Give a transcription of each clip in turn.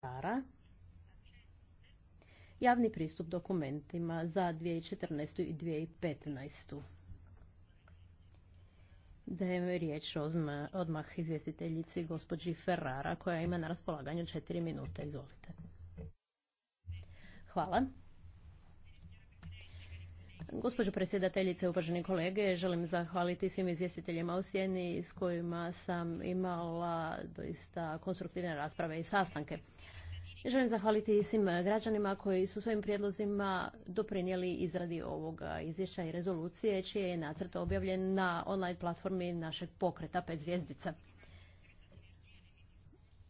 komentara. Javni pristup dokumentima za 2014. i 2015. Dajem riječ odmah izvjestiteljici gospođi Ferrara koja ima na raspolaganju četiri minute. Izvolite. Hvala. Gospođo predsjedateljice, uvaženi kolege, želim zahvaliti svim izvjestiteljima u Sjeni s kojima sam imala doista konstruktivne rasprave i sastanke. Želim zahvaliti svim građanima koji su svojim prijedlozima doprinijeli izradi ovoga izvješća i rezolucije, čiji je nacrt objavljen na online platformi našeg pokreta pet zvjezdica.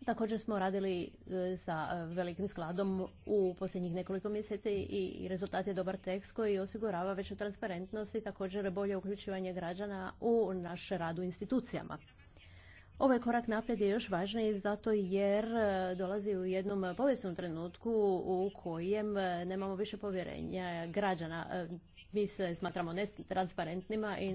Također smo radili e, sa e, velikim skladom u posljednjih nekoliko mjeseci i rezultat je dobar tekst koji osigurava veću transparentnost i također bolje uključivanje građana u naš rad u institucijama. Ovaj korak naprijed je još važniji zato jer e, dolazi u jednom povijesnom trenutku u kojem nemamo više povjerenja građana mi se smatramo netransparentnima i e,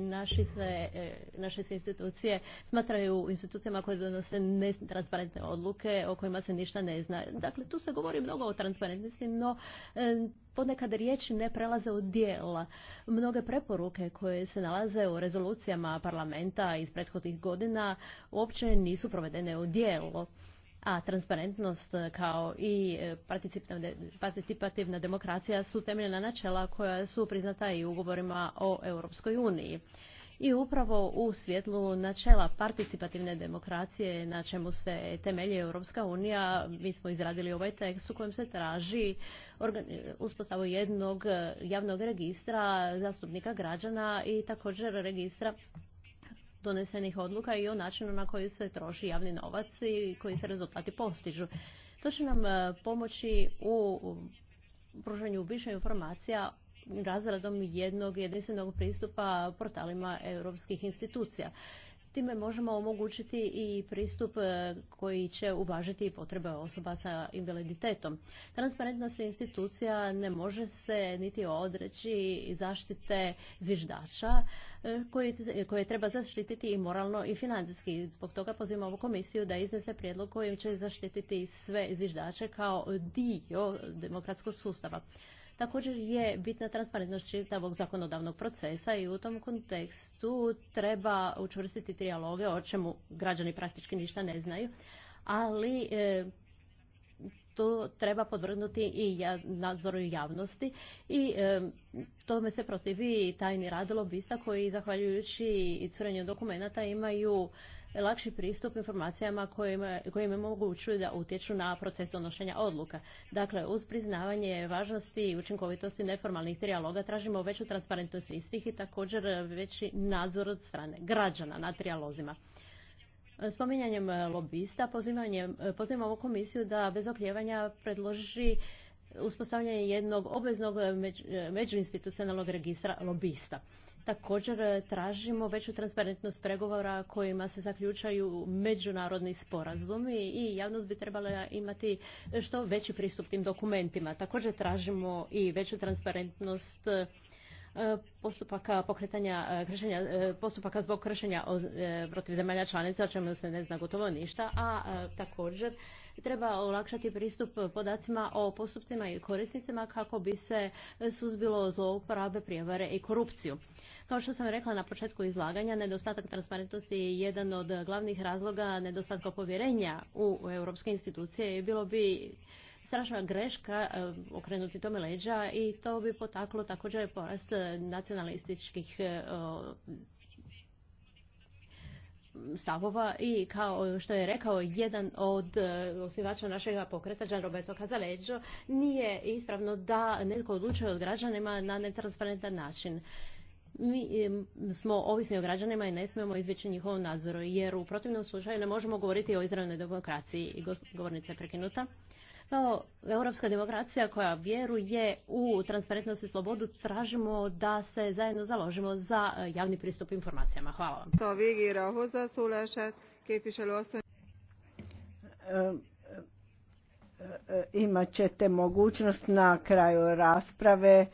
naše se institucije smatraju institucijama koje donose netransparentne odluke o kojima se ništa ne zna. Dakle, tu se govori mnogo o transparentnosti, no e, ponekad riječi ne prelaze od dijela. Mnoge preporuke koje se nalaze u rezolucijama parlamenta iz prethodnih godina uopće nisu provedene u dijelo a transparentnost e, kao i e, participativna demokracija su temeljena načela koja su priznata i ugovorima o Europskoj uniji. I upravo u svjetlu načela participativne demokracije na čemu se temelji Europska unija, mi smo izradili ovaj tekst u kojem se traži uspostavu jednog e, javnog registra zastupnika građana i također registra donesenih odluka i o načinu na koji se troši javni novac i koji se rezultati postižu. To će nam e, pomoći u pružanju više informacija razradom jednog jedinstvenog pristupa portalima europskih institucija. Time možemo omogućiti i pristup e, koji će uvažiti potrebe osoba sa invaliditetom. Transparentnost institucija ne može se niti odreći zaštite zviždača e, koje, treba zaštititi i moralno i financijski. Zbog toga pozivamo ovu komisiju da iznese prijedlog kojim će zaštititi sve zviždače kao dio demokratskog sustava. Također je bitna transparentnost čitavog zakonodavnog procesa i u tom kontekstu treba učvrstiti trijaloge o čemu građani praktički ništa ne znaju, ali e, to treba podvrgnuti i nadzoru javnosti i tome se protivi tajni rad lobista koji zahvaljujući i curenju dokumentata imaju lakši pristup informacijama kojima, kojima mogućuju da utječu na proces donošenja odluka. Dakle, uz priznavanje važnosti i učinkovitosti neformalnih trijaloga tražimo veću transparentnost istih i također veći nadzor od strane građana nad trijalozima. Spominjanjem e, lobista e, pozivamo komisiju da bez okljevanja predloži uspostavljanje jednog obveznog e, međuinstitucionalnog registra lobista. Također tražimo veću transparentnost pregovora kojima se zaključaju međunarodni sporazumi i javnost bi trebala imati što veći pristup tim dokumentima. Također tražimo i veću transparentnost E, postupaka e, pokretanja e, kršenja, postupaka zbog kršenja protiv zemalja članica, o čemu se ne zna gotovo ništa, a također treba olakšati pristup podacima o postupcima i korisnicima kako bi se suzbilo zlouporabe, prijevare i korupciju. Kao što sam rekla na početku izlaganja, nedostatak transparentnosti je jedan od glavnih razloga nedostatka povjerenja u europske institucije i bilo bi strašna greška e, okrenuti tome leđa i to bi potaklo također porast nacionalističkih e, stavova i kao što je rekao jedan od e, osnivača našeg pokreta, Gian Roberto Casaleggio, nije ispravno da netko odlučuje od građanima na netransparentan način. Mi smo ovisni o građanima i ne smijemo izbjeći njihovom nadzoru, jer u protivnom slučaju ne možemo govoriti o izravnoj demokraciji. Govornica je prekinuta. No europska demokracija koja vjeruje u transparentnost i slobodu, tražimo da se zajedno založimo za e, javni pristup informacijama. Hvala vam. To imat ćete mogućnost na kraju rasprave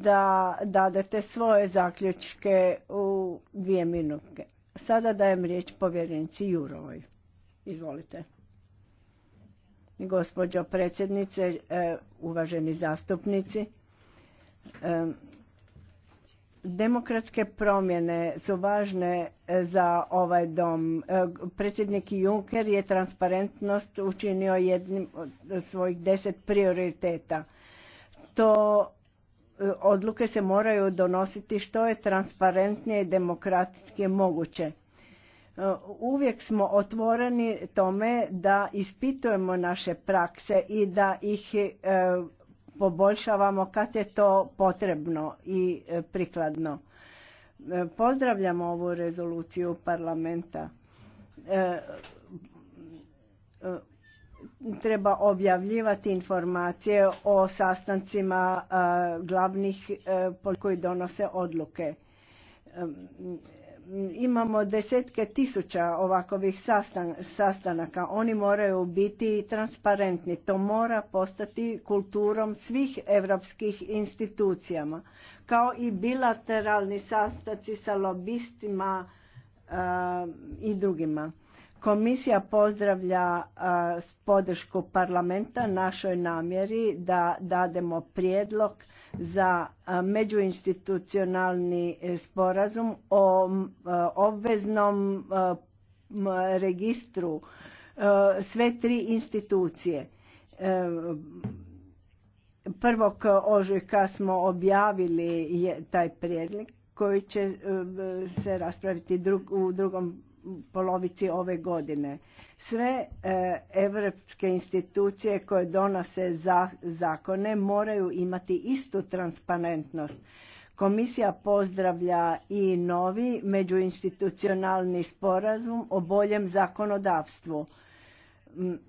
da dadete svoje zaključke u dvije minutke. Sada dajem riječ povjerenici Jurovoj. Izvolite gospođo predsjednice, e, uvaženi zastupnici. E, demokratske promjene su važne e, za ovaj dom. Predsjednik Juncker je transparentnost učinio jednim od svojih deset prioriteta. To odluke se moraju donositi što je transparentnije i demokratski moguće uvijek smo otvoreni tome da ispitujemo naše prakse i da ih e, poboljšavamo kad je to potrebno i e, prikladno. E, Pozdravljamo ovu rezoluciju parlamenta. Treba objavljivati informacije o sastancima glavnih koji donose odluke imamo desetke tisuća ovakovih sastanaka. Oni moraju biti transparentni. To mora postati kulturom svih europskih institucijama. Kao i bilateralni sastaci sa lobistima e, i drugima. Komisija pozdravlja e, podršku parlamenta našoj namjeri da dademo prijedlog za međuinstitucionalni e, sporazum o obveznom registru e, sve tri institucije. E, prvog ožujka smo objavili taj prijedlog koji će se raspraviti u drugom polovici ove godine. Sve e, evropske institucije koje donose zakone moraju imati istu transparentnost. Komisija pozdravlja i novi međuinstitucionalni sporazum o boljem zakonodavstvu.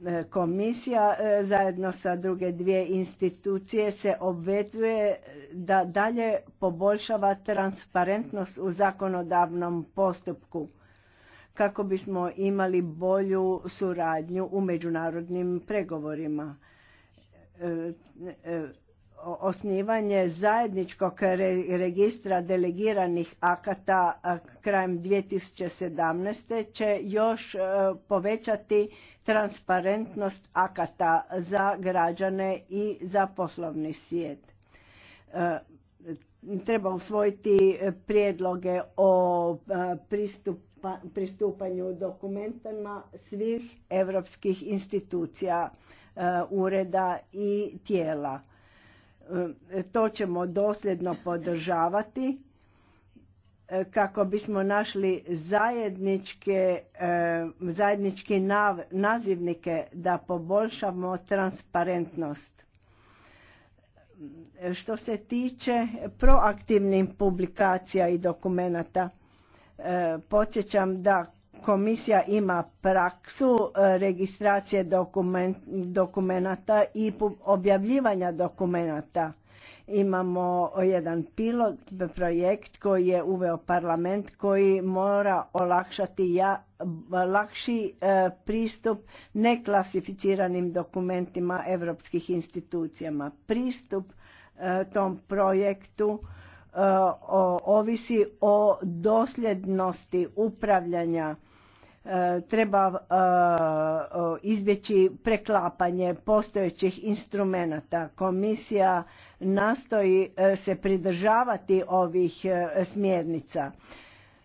E, komisija e, zajedno sa druge dvije institucije se obvezuje da dalje poboljšava transparentnost u zakonodavnom postupku kako bismo imali bolju suradnju u međunarodnim pregovorima. E, e, osnivanje zajedničkog registra delegiranih akata krajem 2017. će još e, povećati transparentnost akata za građane i za poslovni svijet. Treba usvojiti prijedloge o pristupu, pristupanju dokumentama svih europskih institucija, e, ureda i tijela. E, to ćemo dosljedno podržavati e, kako bismo našli zajedničke, zajednički nazivnike da poboljšamo transparentnost. Što se tiče proaktivnih publikacija i dokumenata, E, podsjećam da komisija ima praksu e, registracije dokumenata i objavljivanja dokumenata. Imamo jedan pilot projekt koji je uveo parlament koji mora olakšati lakši e, pristup neklasificiranim dokumentima europskih institucijama. Pristup tom projektu ovisi o dosljednosti upravljanja e, treba e, izbjeći preklapanje postojećih instrumenata. Komisija nastoji e, se pridržavati ovih smjernica.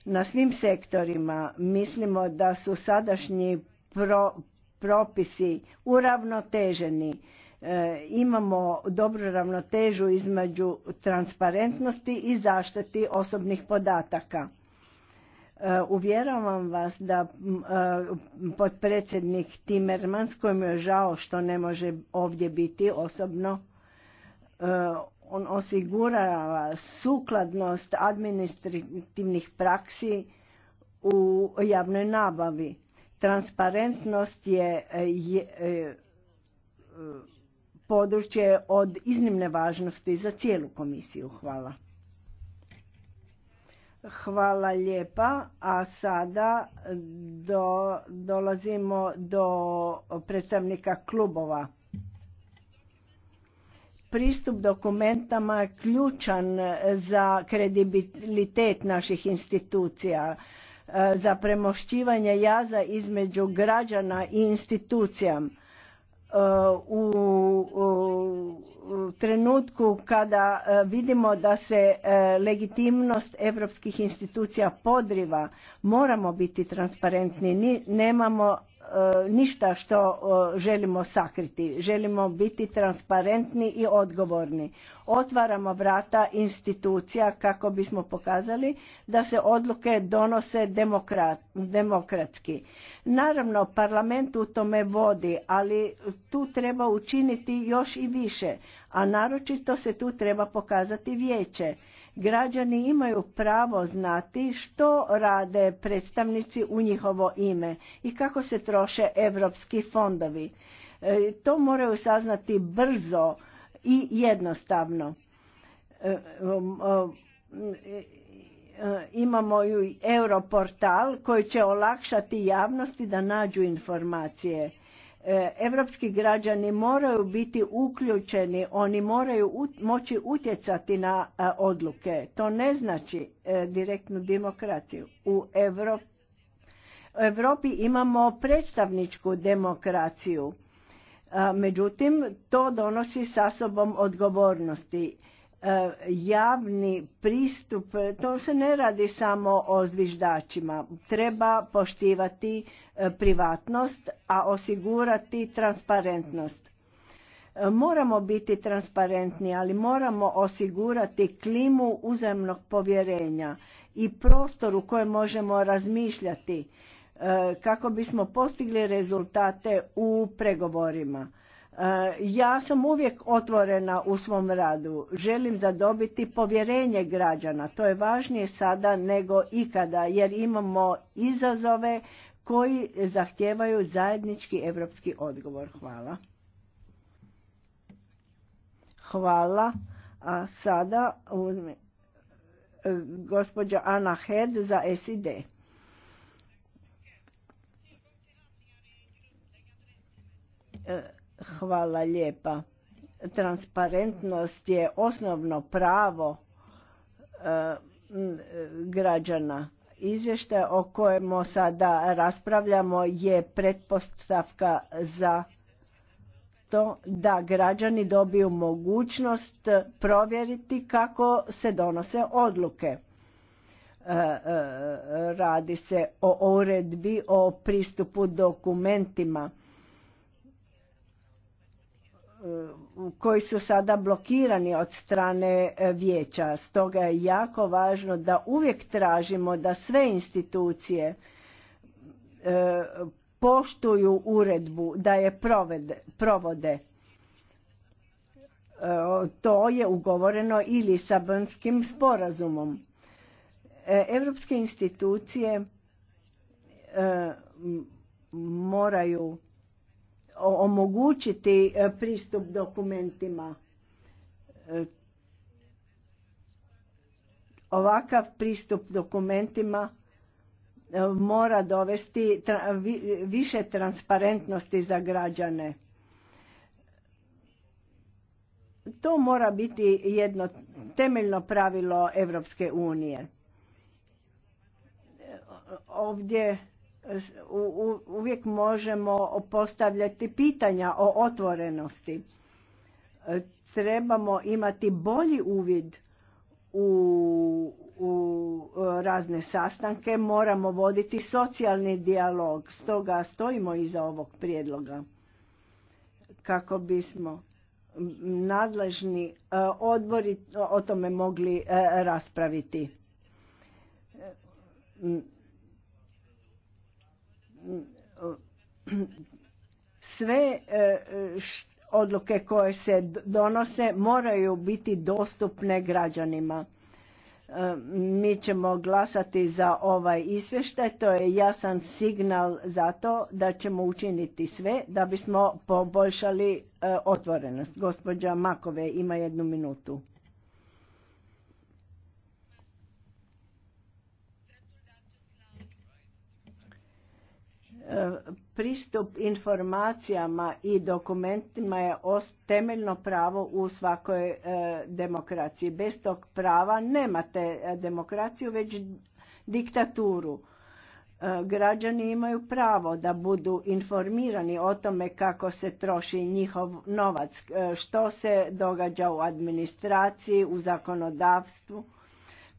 Na svim sektorima mislimo da su sadašnji propisi uravnoteženi E, imamo dobru ravnotežu između transparentnosti i zaštiti osobnih podataka. E, uvjeravam vas da e, potpredsjednik Timmermans, kojem je žao što ne može ovdje biti osobno, on osigurava sukladnost administrativnih praksi u javnoj nabavi. Transparentnost je područje od iznimne važnosti za cijelu komisiju. Hvala. Hvala lijepa, a sada do, dolazimo do predstavnika klubova. Pristup dokumentama je ključan za kredibilitet naših institucija, e, za premošćivanje jaza između građana i institucijama u trenutku kada e, vidimo da se e, legitimnost europskih institucija podriva moramo biti transparentni nemamo E, ništa što e, želimo sakriti. Želimo biti transparentni i odgovorni. Otvaramo vrata institucija kako bismo pokazali da se odluke donose demokratski. Naravno, parlament u tome vodi, ali tu treba učiniti još i više, a naročito se tu treba pokazati vijeće. Građani imaju pravo znati što rade predstavnici u njihovo ime i kako se troše europski fondovi. E, to moraju saznati brzo i jednostavno. E, e, imamo i Europortal koji će olakšati javnosti da nađu informacije E, evropski građani moraju biti uključeni, oni moraju moći utjecati na e, odluke. To ne znači e, direktnu demokraciju. U Europi Evropi imamo predstavničku demokraciju. međutim, to donosi sa sobom odgovornosti. javni pristup, to se ne radi samo o zviždačima. Treba poštivati E, privatnost, a osigurati transparentnost. E, moramo biti transparentni, ali moramo osigurati klimu uzemnog povjerenja i prostor u kojem možemo razmišljati e, kako bismo postigli rezultate u pregovorima. Ja sam uvijek otvorena u svom radu. Želim zadobiti povjerenje građana. To je važnije sada nego ikada jer imamo izazove koji zahtijevaju zajednički evropski odgovor. Hvala. Hvala. A sada e, gospođa Ana Hed za SID. E, hvala lijepa. Transparentnost je osnovno pravo e, građana Izvještaj o kojemu sada raspravljamo je pretpostavka za to da građani dobiju mogućnost provjeriti kako se donose odluke. E, e, radi se o uredbi o pristupu dokumentima koji su sada blokirani od strane e, vijeća. Stoga je jako važno da uvijek tražimo da sve institucije e, poštuju uredbu, da je provode. E, to je ugovoreno i Lisabonskim sporazumom. Europske institucije moraju omogućiti e, pristup dokumentima. E, ovakav pristup dokumentima e, mora dovesti više transparentnosti za građane. To mora biti jedno temeljno pravilo Europske unije. Ovdje uvijek možemo postavljati pitanja o otvorenosti. E, trebamo imati bolji uvid u, u e, razne sastanke, moramo voditi socijalni dijalog, stoga stojimo iza ovog prijedloga kako bismo nadležni e, odbori o tome mogli raspraviti sve e, odluke koje se donose moraju biti dostupne građanima. E, mi ćemo glasati za ovaj izvještaj, to je jasan signal za to da ćemo učiniti sve da bismo poboljšali e, otvorenost. Gospođa Makove ima jednu minutu. pristup informacijama i dokumentima je temeljno pravo u svakoj e, demokraciji. Bez tog prava nemate e, demokraciju, već diktaturu. E, građani imaju pravo da budu informirani o tome kako se troši njihov novac, što se događa u administraciji, u zakonodavstvu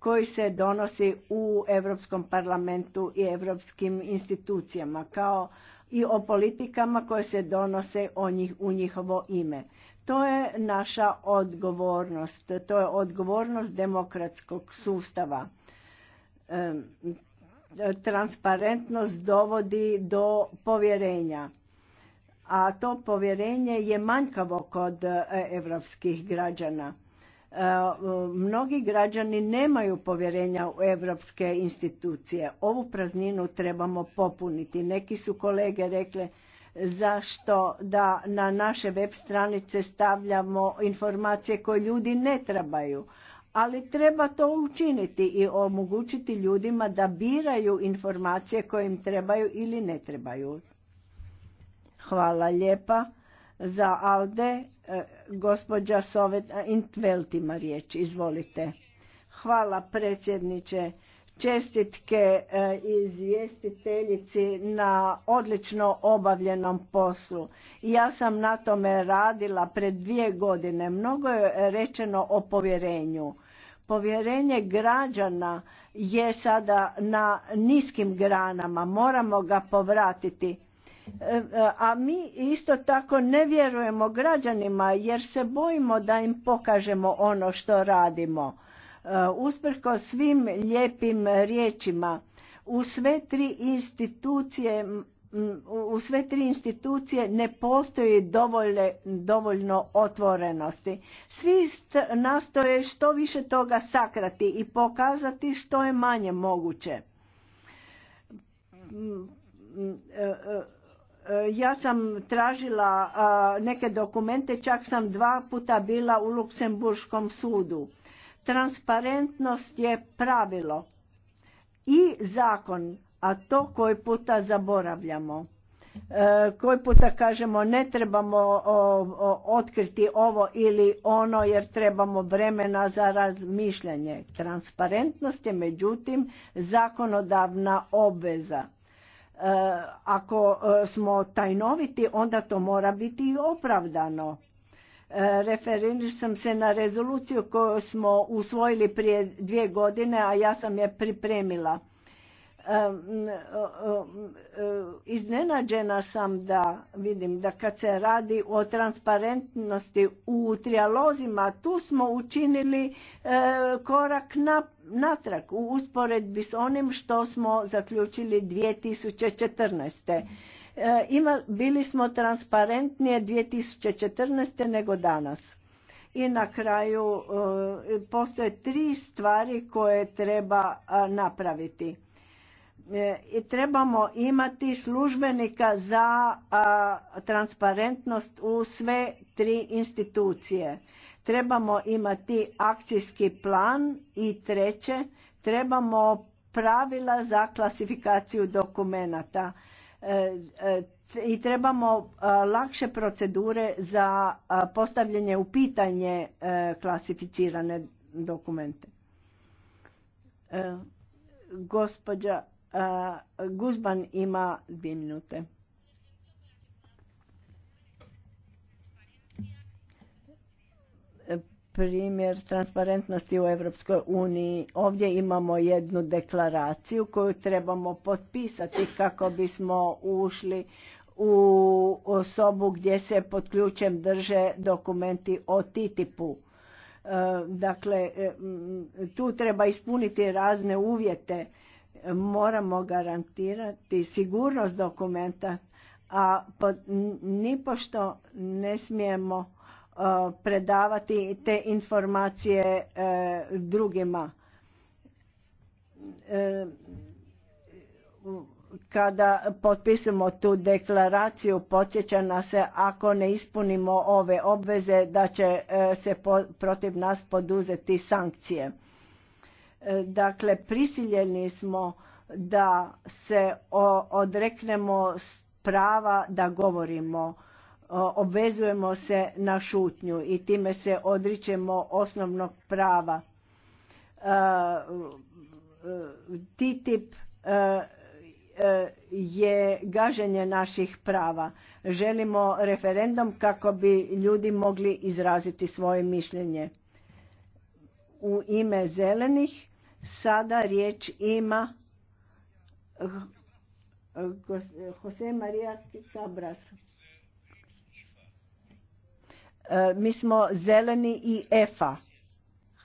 koji se donosi u Europskom parlamentu i europskim institucijama kao i o politikama koje se donose o njih, u njihovo ime. To je naša odgovornost, to je odgovornost demokratskog sustava. transparentnost dovodi do povjerenja, a to povjerenje je manjkavo kod europskih građana mnogi građani nemaju povjerenja u europske institucije. Ovu prazninu trebamo popuniti. Neki su kolege rekle zašto da na naše web stranice stavljamo informacije koje ljudi ne trebaju. Ali treba to učiniti i omogućiti ljudima da biraju informacije koje im trebaju ili ne trebaju. Hvala lijepa za Alde. Gospođa Sovet Intvelt riječ, izvolite. Hvala predsjedniče. Čestitke e, izvjestiteljici na odlično obavljenom poslu. Ja sam na tome radila pred dvije godine. Mnogo je rečeno o povjerenju. Povjerenje građana je sada na niskim granama. Moramo ga povratiti E, e, a mi isto tako ne vjerujemo građanima jer se bojimo da im pokažemo ono što radimo. E, usprko svim lijepim riječima u sve tri institucije u sve tri institucije ne postoji dovoljno otvorenosti. Svi nastoje što više toga sakrati i pokazati što je manje moguće. Eh, ja sam tražila eh, neke dokumente, čak sam dva puta bila u Luksemburškom sudu. Transparentnost je pravilo i zakon, a to koji puta zaboravljamo. Eh, koji puta kažemo ne trebamo otkriti ovo ili ono jer trebamo vremena za razmišljanje. Transparentnost je međutim zakonodavna obveza Eh, ako eh, smo tajnoviti, onda to mora biti i opravdano. Eh, Referirao sam se na rezoluciju koju smo usvojili prije dvije godine, a ja sam je pripremila Iznenađena sam da vidim da kad se radi o transparentnosti u trijalozima, tu smo učinili e, korak natrag u usporedbi s onim što smo zaključili 2014. E, ima, bili smo transparentnije 2014. nego danas. I na kraju e, postoje tri stvari koje treba napraviti E, i trebamo imati službenika za transparentnost u sve tri institucije. Trebamo imati akcijski plan i treće, trebamo pravila za klasifikaciju dokumenata e, e, i trebamo lakše procedure za postavljanje u pitanje klasificirane dokumente. Gospođa Guzban ima dvije minute. primjer transparentnosti u Europskoj uniji. Ovdje imamo jednu deklaraciju koju trebamo potpisati kako bismo ušli u osobu gdje se pod ključem drže dokumenti o TTIP-u. E, dakle, e, tu treba ispuniti razne uvjete moramo garantirati sigurnost dokumenta, a nipošto ne smijemo e, predavati te informacije e, drugima. E, kada potpisamo tu deklaraciju, podsjeća nas se ako ne ispunimo ove obveze da će se protiv nas poduzeti sankcije E, dakle, prisiljeni smo da se odreknemo prava da govorimo, obvezujemo se na šutnju i time se odričemo osnovnog prava. E, TTIP e, je gaženje naših prava. Želimo referendum kako bi ljudi mogli izraziti svoje mišljenje. U ime zelenih Sada riječ ima eh, eh, Jose Maria Cabras. Eh, mi smo zeleni i EFA.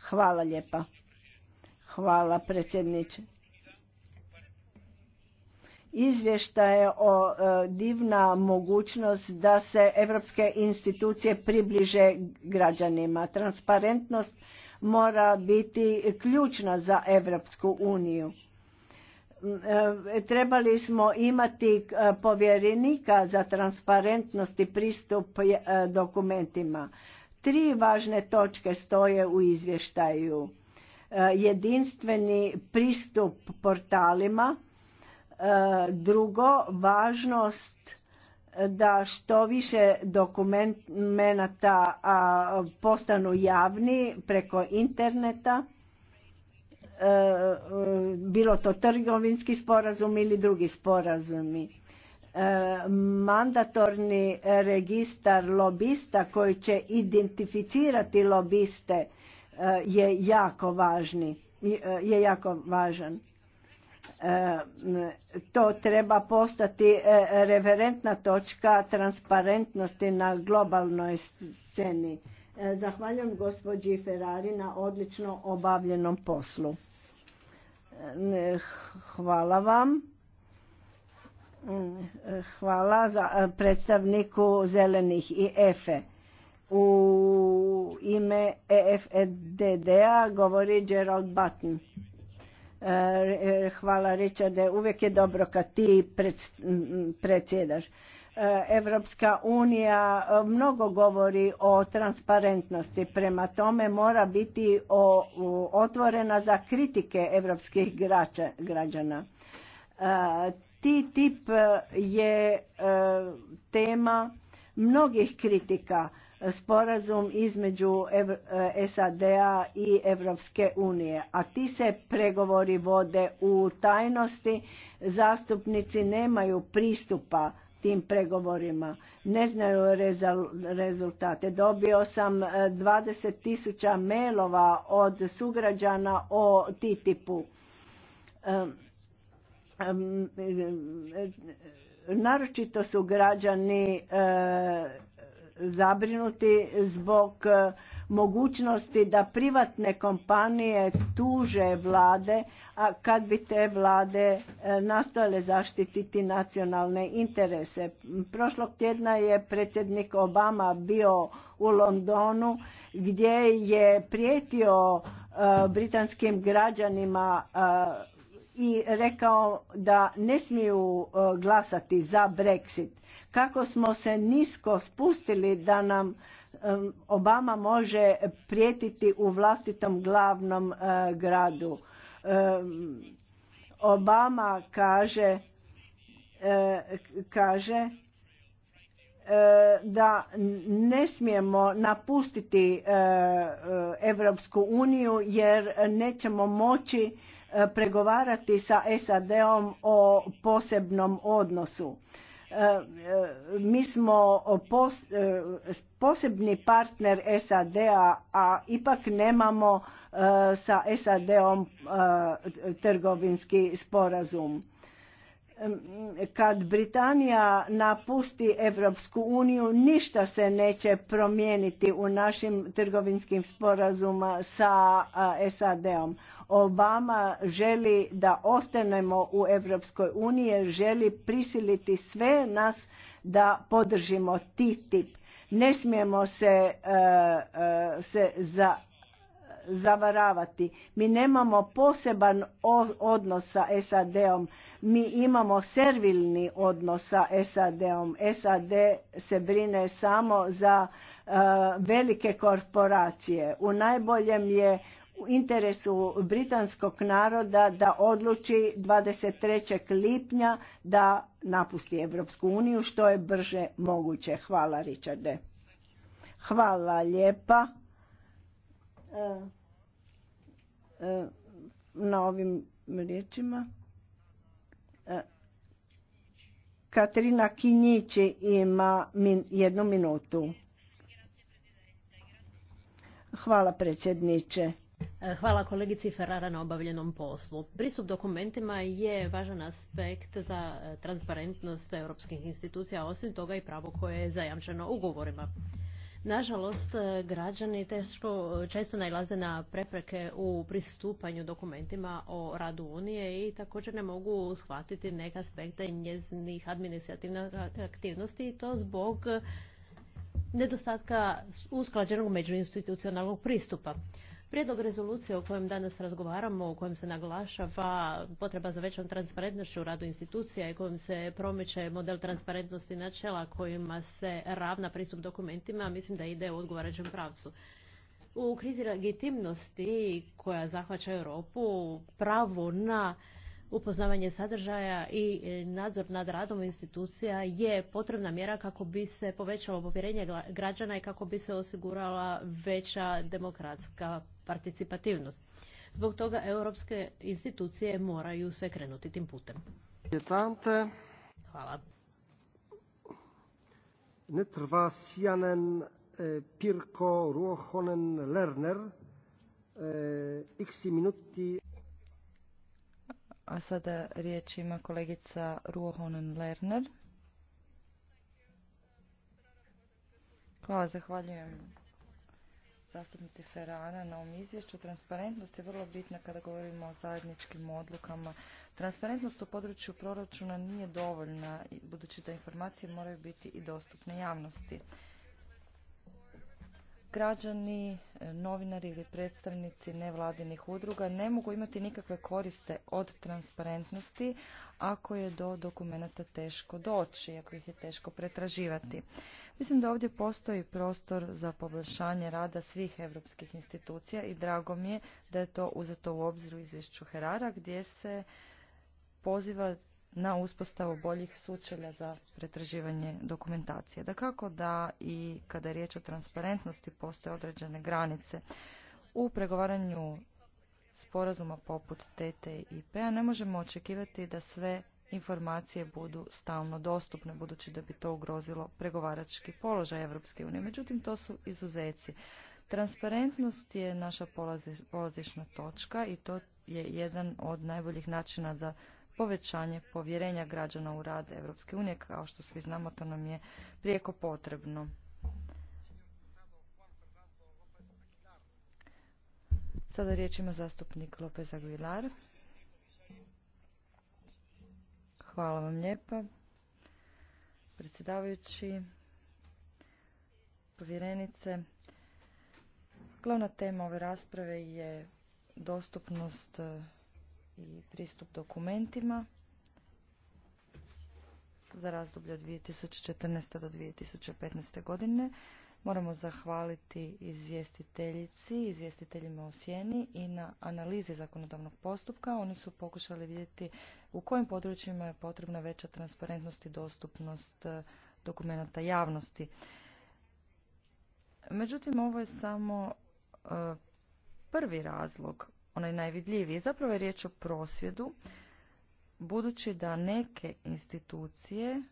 Hvala lijepa. Hvala predsjedniče. je o divna mogućnost da se evropske institucije približe građanima. Transparentnost mora biti ključna za Evropsku uniju. E, trebali smo imati e, povjerenika za transparentnost i pristup e, dokumentima. Tri važne točke stoje u izvještaju. Jedinstveni pristup portalima, drugo važnost da što više dokumenata postanu javni preko interneta, e, e, bilo to trgovinski sporazum ili drugi sporazumi. E, mandatorni registar lobista koji će identificirati lobiste je jako je jako važan E, to treba postati e, referentna točka transparentnosti na globalnoj sceni. E, zahvaljujem gospođi Ferrari na odlično obavljenom poslu. Hvala vam. Hvala za predstavniku Zelenih i EFE. U ime EFEDD-a govori Gerald Button. E, e, hvala Richarde, uvijek je dobro kad ti predsjedaš. E, Evropska unija mnogo govori o transparentnosti, prema tome mora biti otvorena za kritike evropskih građana. Ti tip je tema mnogih kritika sporazum između e, SAD-a i Evropske unije, a ti se pregovori vode u tajnosti, zastupnici nemaju pristupa tim pregovorima, ne znaju rezultate. Dobio sam 20 e, tisuća mailova od sugrađana o TTIP-u. E, naročito su građani zabrinuti zbog e, mogućnosti da privatne kompanije tuže vlade, a kad bi te vlade e, nastojale zaštititi nacionalne interese. Prošlog tjedna je predsjednik Obama bio u Londonu gdje je prijetio e, britanskim građanima i rekao da ne smiju glasati za Brexit kako smo se nisko spustili da nam Obama može prijetiti u vlastitom glavnom eh, gradu. Obama kaže eh, kaže eh, da ne smijemo napustiti Evropsku uniju jer nećemo moći pregovarati sa SAD-om o posebnom odnosu. Eh, eh, mi smo eh, posebni partner SAD-a, a ipak nemamo sa SAD-om trgovinski sporazum kad Britanija napusti Europsku uniju ništa se neće promijeniti u našim trgovinskim sporazuma sa SAD-om. Obama želi da ostanemo u Europskoj uniji, želi prisiliti sve nas da podržimo TTIP. Ne smijemo se, se za zavaravati. Mi nemamo poseban odnos sa SAD-om, mi imamo servilni odnos sa SAD-om. SAD se brine samo za e, velike korporacije. U najboljem je u interesu britanskog naroda da odluči 23. lipnja da napusti Evropsku uniju što je brže moguće. Hvala Richarde. Hvala lijepa. E, E, na ovim riječima. E, Katarina Kinjići ima jednu minutu. Hvala predsjedniče. E, hvala kolegici Ferrara na obavljenom poslu. Pristup dokumentima je važan aspekt za transparentnost europskih institucija, osim toga i pravo koje je zajamčeno ugovorima. Nažalost, e, građani teško, e, često najlaze na prepreke u pristupanju dokumentima o radu Unije i također ne mogu shvatiti neke aspekte njezinih administrativnih aktivnosti i to zbog nedostatka usklađenog međuinstitucionalnog pristupa. Prijedlog rezolucije o kojem danas razgovaramo, u kojem se naglašava potreba za većom transparentnošću u radu institucija i kojom se promiče model transparentnosti načela kojima se ravna pristup dokumentima, mislim da ide u odgovarajućem pravcu. U krizi legitimnosti koja zahvaća Europu, pravo na upoznavanje sadržaja i e, nadzor nad radom institucija je potrebna mjera kako bi se povećalo povjerenje građana i kako bi se osigurala veća demokratska participativnost. Zbog toga europske institucije moraju sve krenuti tim putem. Hvala. Ne trva Sjanen e, Pirko Ruohonen Lerner. E, x minuti a sada riječ ima kolegica Ruohonen Lerner. Hvala, zahvaljujem zastupnici Ferrara na ovom izvješću. Transparentnost je vrlo bitna kada govorimo o zajedničkim odlukama. Transparentnost u području proračuna nije dovoljna, budući da informacije moraju biti i dostupne javnosti građani, novinari ili predstavnici nevladinih udruga ne mogu imati nikakve koriste od transparentnosti ako je do dokumenata teško doći, ako ih je teško pretraživati. Mislim da ovdje postoji prostor za poboljšanje rada svih europskih institucija i drago mi je da je to uzeto u obzir u izvješću Herara gdje se poziva na uspostavu boljih sučelja za pretraživanje dokumentacije. Da kako da i kada je riječ o transparentnosti postoje određene granice. U pregovaranju sporazuma poput TTIP-a ne možemo očekivati da sve informacije budu stalno dostupne, budući da bi to ugrozilo pregovarački položaj Europske unije. Međutim, to su izuzeci. Transparentnost je naša polazišna točka i to je jedan od najboljih načina za povećanje povjerenja građana u rad Europske unije, kao što svi znamo to nam je prijeko potrebno. Sada riječ ima zastupnik Lopez Aguilar. Hvala vam lijepa. Predsjedavajući, povjerenice, glavna tema ove rasprave je dostupnost i pristup dokumentima za razdoblje od 2014. do 2015. godine. Moramo zahvaliti izvjestiteljici, izvjestiteljima o sjeni i na analizi zakonodavnog postupka. Oni su pokušali vidjeti u kojim područjima je potrebna veća transparentnost i dostupnost eh, dokumenta javnosti. Međutim, ovo je samo eh, prvi razlog onaj najvidljiviji. Zapravo je riječ o prosvjedu, budući da neke institucije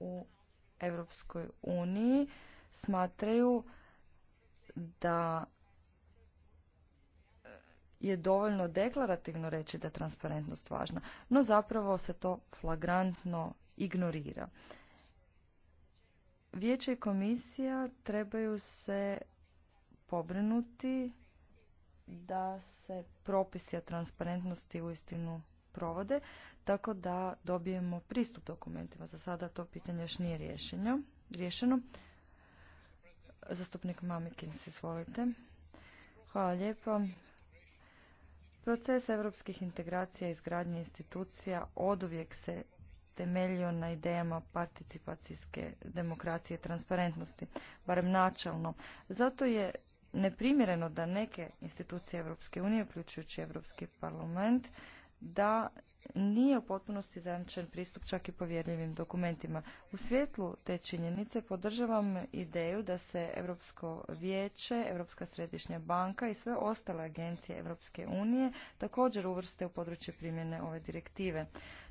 u Europskoj uniji smatraju da je dovoljno deklarativno reći da je transparentnost važna, no zapravo se to flagrantno ignorira. Vijeće i komisija trebaju se pobrinuti da se propisi o transparentnosti uistinu provode, tako da dobijemo pristup dokumentima. Za sada to pitanje još nije rješenjo, rješeno. Zastupnik se izvolite. Hvala lijepo. Proces europskih integracija i izgradnje institucija oduvijek se temeljio na idejama participacijske demokracije i transparentnosti, barem načalno. Zato je neprimjereno da neke institucije Europske unije, uključujući Europski parlament, da nije u potpunosti zajamčen pristup čak i povjerljivim dokumentima. U svjetlu te činjenice podržavam ideju da se Europsko vijeće, Europska središnja banka i sve ostale agencije Europske unije također uvrste u područje primjene ove direktive.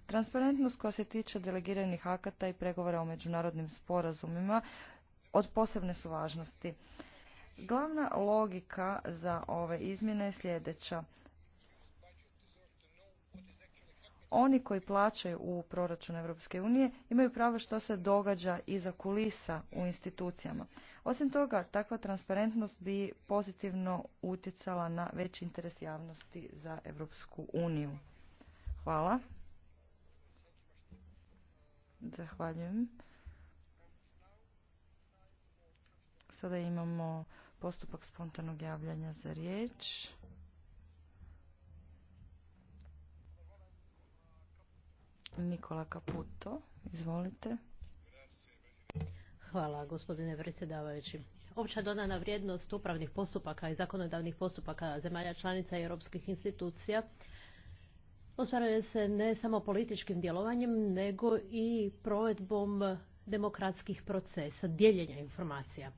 Transparentnost koja se tiče delegiranih akata i pregovora o međunarodnim sporazumima od posebne su važnosti. Glavna logika za ove izmjene je sljedeća. Oni koji plaćaju u proračun Europske unije imaju pravo što se događa iza kulisa u institucijama. Osim toga, takva transparentnost bi pozitivno utjecala na veći interes javnosti za Europsku uniju. Hvala. Zahvaljujem. Sada imamo postupak spontanog javljanja za riječ. Nikola Caputo, izvolite. Hvala gospodine predsjedavajući. Opća dodana vrijednost upravnih postupaka i zakonodavnih postupaka zemalja članica i europskih institucija ostvaruje se ne samo političkim djelovanjem, nego i provedbom demokratskih procesa, dijeljenja informacija.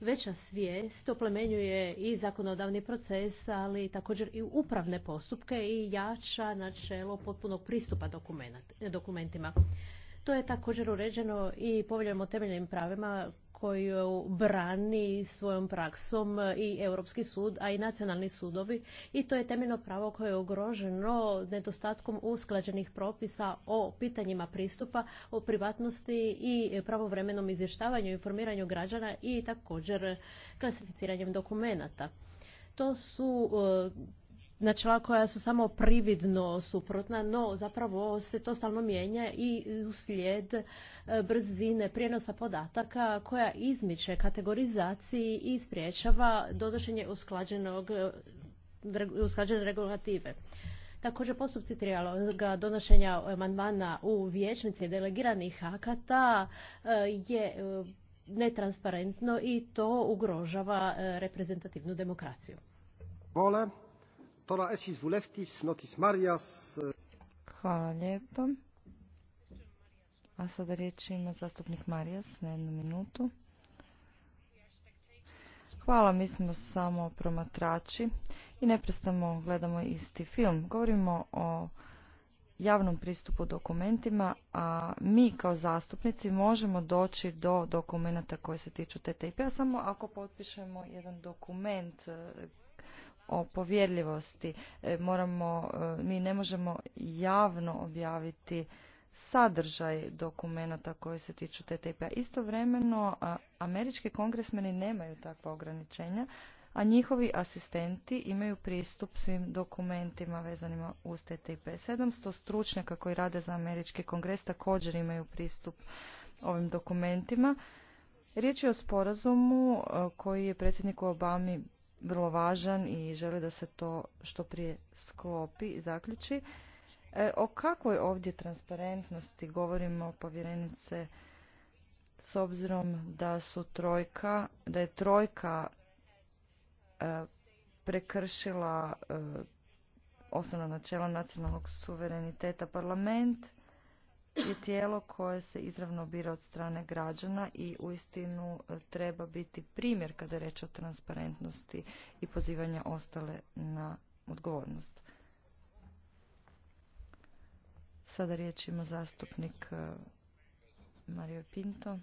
Veća svijest oplemenjuje i zakonodavni proces, ali također i upravne postupke i jača načelo potpunog pristupa dokumentima. To je također uređeno i poveljom o temeljnim pravima koju brani svojom praksom i Europski sud, a i nacionalni sudovi i to je temeljno pravo koje je ugroženo nedostatkom usklađenih propisa o pitanjima pristupa, o privatnosti i pravovremenom izvještavanju i informiranju građana i također klasificiranjem dokumenata. To su e, načela koja su samo prividno suprotna, no zapravo se to stalno mijenja i uslijed e, brzine prijenosa podataka koja izmiče kategorizaciji i sprječava donošenje e, usklađene regulative. Također postupci trijaloga donošenja amandmana u vijećnici delegiranih akata e, je netransparentno i to ugrožava reprezentativnu demokraciju. Hvala. E, Hvala lijepo. A sada riječ ima zastupnik Marijas na jednu minutu. Hvala, mi smo samo promatrači i neprestano gledamo isti film. Govorimo o javnom pristupu dokumentima, a mi kao zastupnici možemo doći do dokumenata koje se tiču TTIP-a samo ako potpišemo jedan dokument e, o povjerljivosti. E, moramo, e, mi ne možemo javno objaviti sadržaj dokumenata koji se tiču TTIP-a. Istovremeno, američki kongresmeni nemaju takva ograničenja, a njihovi asistenti imaju pristup svim dokumentima vezanima uz TTIP. 700 stručnjaka koji rade za američki kongres također imaju pristup ovim dokumentima. Riječ je o sporazumu e, koji je predsjedniku Obami vrlo važan i želi da se to što prije sklopi i zaključi. E, o kakvoj ovdje transparentnosti govorimo povjerenice s obzirom da su trojka, da je trojka e, prekršila e, osnovna načela nacionalnog suvereniteta parlament je tijelo koje se izravno bira od strane građana i uistinu e, treba biti primjer kada je reč o transparentnosti i pozivanja ostale na odgovornost. Sada riječ ima zastupnik e, Mario Pinto.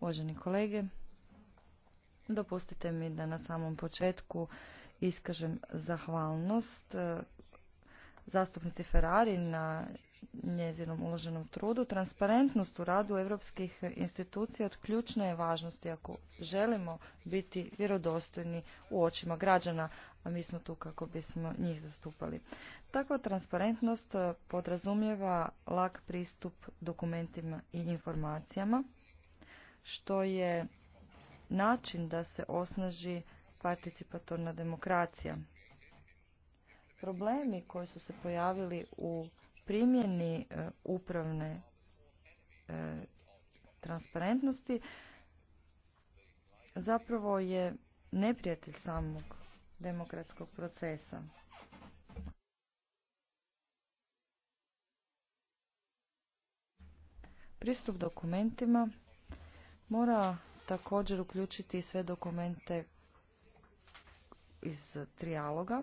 Uvaženi kolege, dopustite mi da na samom početku iskažem zahvalnost e, zastupnici Ferrari na njezinom uloženom trudu. Transparentnost u radu europskih institucija od ključne je važnosti ako želimo biti vjerodostojni u očima građana, a mi smo tu kako bismo njih zastupali. Takva transparentnost podrazumijeva lak pristup dokumentima i informacijama, što je način da se osnaži participatorna demokracija. Problemi koji su se pojavili u primjeni e, upravne e, transparentnosti zapravo je neprijatelj samog demokratskog procesa. Pristup dokumentima mora također uključiti sve dokumente iz trijaloga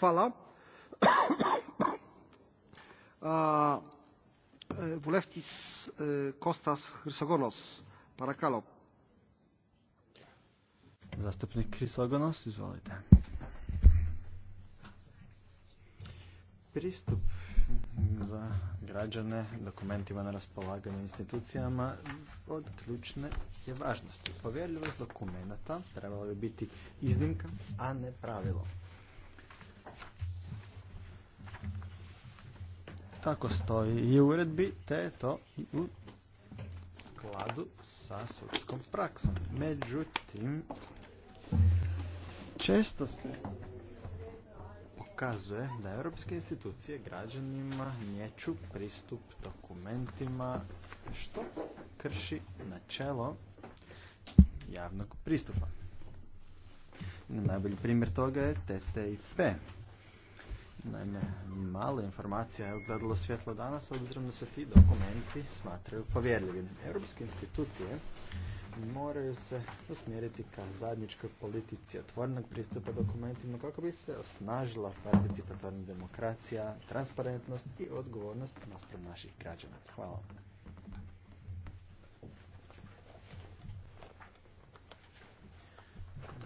Hvala. Uh, Vuleftis e, Kostas Hrisogonos, Parakalo. Zastupnik Hrisogonos, izvolite. Pristup građane, dokumentima na raspolaganju institucijama od ključne je važnosti. Povjerljivost dokumenta trebala bi biti iznimka, a ne pravilo. Tako stoji i u uredbi, te je to i u skladu sa sudskom praksom. Međutim, često se pokazuje da europske institucije građanima nječu pristup dokumentima što krši načelo javnog pristupa. Najbolji primjer toga je TTIP. Naime, malo informacija je ugledalo svjetlo danas, obzirom da se ti dokumenti smatraju povjerljivim. Europske institucije moraju se usmjeriti ka zajedničkoj politici otvorenog pristupa dokumentima kako bi se osnažila participatorna demokracija, transparentnost i odgovornost naspram naših građana. Hvala.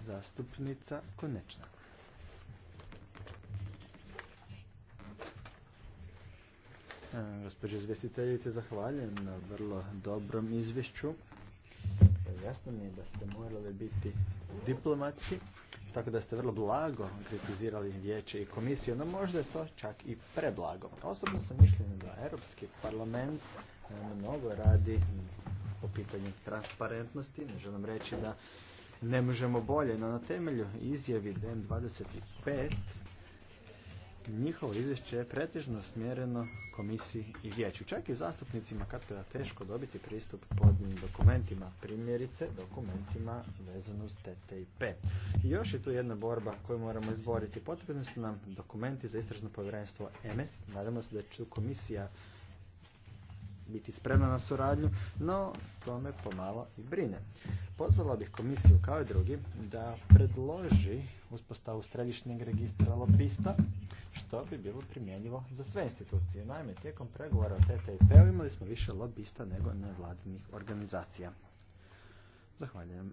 Zastupnica Konečna. E, Gospođe izvjestiteljice, zahvaljujem na vrlo dobrom izvješću jasno mi je da ste morali biti diplomatski, tako da ste vrlo blago kritizirali vijeće i komisiju, no možda je to čak i preblago. Osobno sam mišljen da Europski parlament eh, mnogo radi po pitanju transparentnosti. Ne želim reći da ne možemo bolje, no na temelju izjavi DN25 njihovo izvješće je pretežno smjereno komisiji i vijeću. Čak i zastupnicima kako je teško dobiti pristup podnim dokumentima, primjerice dokumentima vezano uz TTIP. I još je tu jedna borba koju moramo izboriti. Potrebni su nam dokumenti za istražno povjerenstvo MS. Nadamo se da će komisija biti spremna na suradnju, no to me pomalo i brine. Pozvala bih komisiju kao i drugi da predloži uspostavu središnjeg registra lobista, što bi bilo primjenjivo za sve institucije. Naime, tijekom pregovora o TTIP-u imali smo više lobista nego nevladinih organizacija. Zahvaljujem.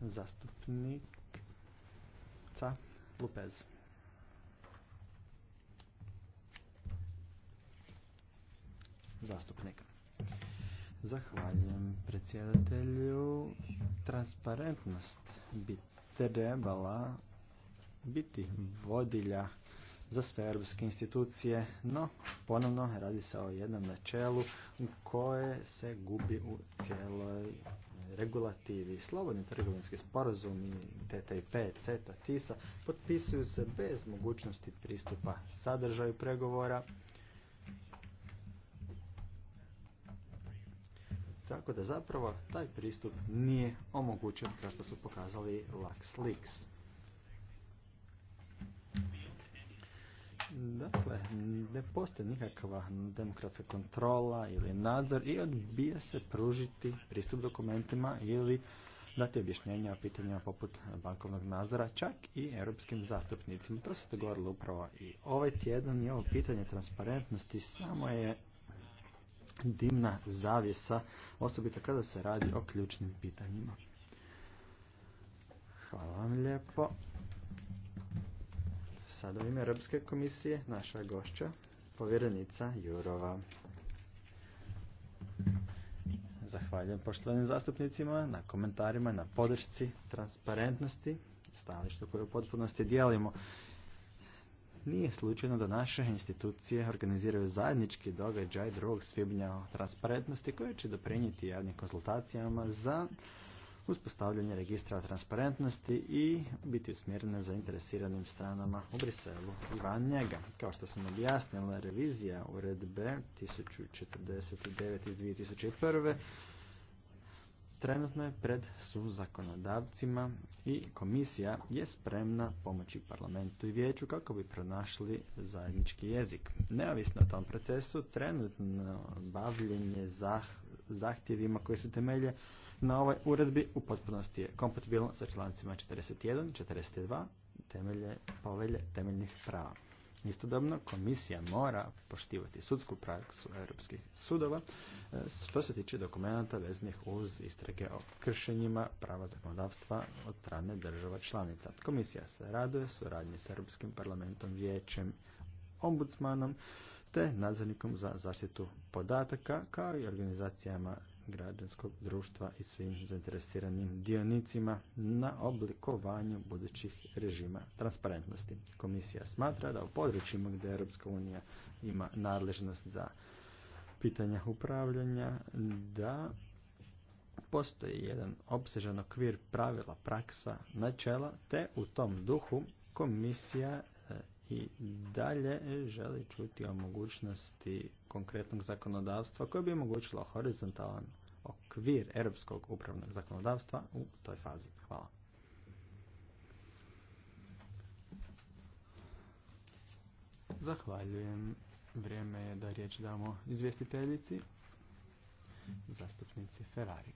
Zastupnik Lupezu. zastupnika. Zahvaljujem predsjedatelju. Transparentnost bi trebala biti vodilja za sve europske institucije, no ponovno radi se o jednom načelu u koje se gubi u cijeloj regulativi. Slobodni trgovinski sporazumi TTIP, CETA, TISA potpisuju se bez mogućnosti pristupa sadržaju pregovora, Tako da zapravo taj pristup nije omogućen kao što su pokazali LuxLeaks. Dakle, ne postoji nikakva demokratska kontrola ili nadzor i odbija se pružiti pristup dokumentima ili dati objašnjenja o pitanjima poput bankovnog nadzora, čak i europskim zastupnicima. To se dogodilo upravo i ovaj tjedan i ovo pitanje transparentnosti samo je dimna zavjesa, osobito kada se radi o ključnim pitanjima. Hvala vam lijepo. Sada u ime Europske komisije, naša gošća, povjerenica Jurova. Zahvaljujem poštovanim zastupnicima na komentarima, na podršci, transparentnosti, stavištu koje u potpunosti dijelimo. Nije slučajno da naše institucije organiziraju zajednički događaj drugog svibnja o transparentnosti koje će doprinijeti javnim konzultacijama za uspostavljanje registra transparentnosti i biti usmjerene zainteresiranim stranama u Briselu i van njega. Kao što sam objasnila, revizija uredbe 1049 iz 2001 Trenutno je pred suzakonodavcima i komisija je spremna pomoći parlamentu i vijeću kako bi pronašli zajednički jezik. Neovisno o tom procesu, trenutno bavljenje zahtjevima koji se temelje na ovoj uredbi u potpunosti je kompatibilno sa člancima 41, 42 temelje povelje temeljnih prava. Istodobno, komisija mora poštivati sudsku praksu europskih sudova e, što se tiče dokumenta veznih uz istrage o kršenjima prava zakonodavstva od strane država članica. Komisija se raduje suradnji s Europskim parlamentom, vijećem, ombudsmanom te nadzornikom za zaštitu podataka kao i organizacijama građanskog društva i svim zainteresiranim dionicima na oblikovanju budućih režima transparentnosti. Komisija smatra da u područjima gdje Europska unija ima nadležnost za pitanja upravljanja, da postoji jedan obsežan okvir pravila, praksa, načela, te u tom duhu komisija i dalje e, želi čuti o mogućnosti konkretnog zakonodavstva koje bi omogućilo horizontalan okvir europskog upravnog zakonodavstva u toj fazi. Hvala. Zahvaljujem. Vrijeme je da riječ damo izvjestiteljici, zastupnici Ferrari.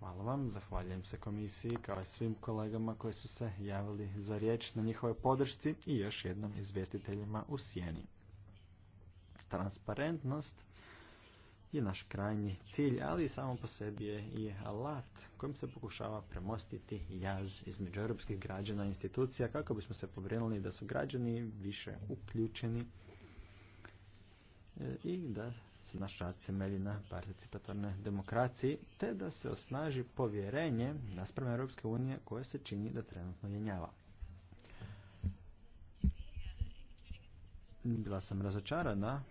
Hvala vam, zahvaljujem se komisiji kao i svim kolegama koji su se javili za riječ na njihovoj podršci i još jednom izvjestiteljima u sjeni. Transparentnost je naš krajnji cilj, ali samo po sebi je i alat kojim se pokušava premostiti jaz između europskih građana i institucija kako bismo se pobrinuli da su građani više uključeni e, i da naša naš temelji na participatorne demokraciji, te da se osnaži povjerenje naspram Europske unije koje se čini da trenutno jenjava. Bila sam razočarana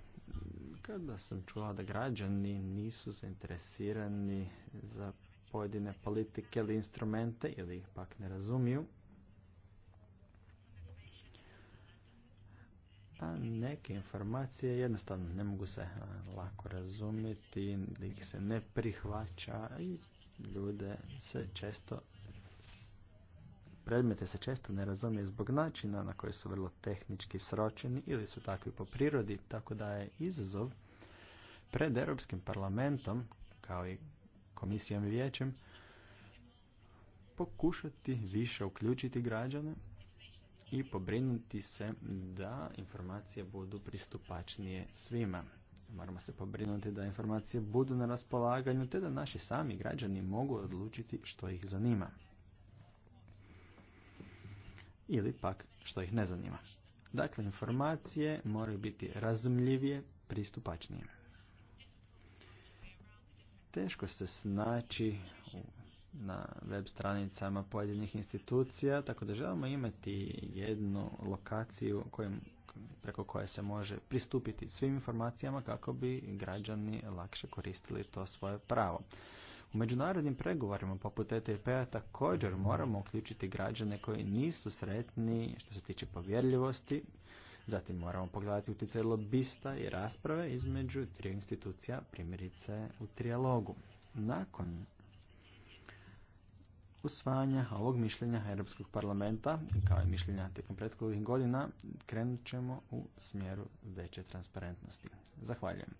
kada sam čula da građani nisu zainteresirani za pojedine politike ili instrumente ili ih pak ne razumiju. A neke informacije jednostavno ne mogu se lako razumjeti, ih se ne prihvaća i ljude se često predmete se često ne razumije zbog načina na koji su vrlo tehnički sročeni ili su takvi po prirodi, tako da je izazov pred Europskim parlamentom, kao i komisijom i vijećem, pokušati više uključiti građane i pobrinuti se da informacije budu pristupačnije svima. Moramo se pobrinuti da informacije budu na raspolaganju te da naši sami građani mogu odlučiti što ih zanima. Ili pak što ih ne zanima. Dakle, informacije moraju biti razumljivije, pristupačnije. Teško se snaći u na web stranicama pojedinih institucija, tako da želimo imati jednu lokaciju preko koje se može pristupiti svim informacijama kako bi građani lakše koristili to svoje pravo. U međunarodnim pregovorima poput ETP-a također moramo uključiti građane koji nisu sretni što se tiče povjerljivosti, zatim moramo pogledati utjecaj lobista i rasprave između tri institucija, primjerice u trijalogu. Nakon usvajanja ovog mišljenja Europskog parlamenta, kao i mišljenja tijekom prethodnih godina, krenut ćemo u smjeru veće transparentnosti. Zahvaljujem.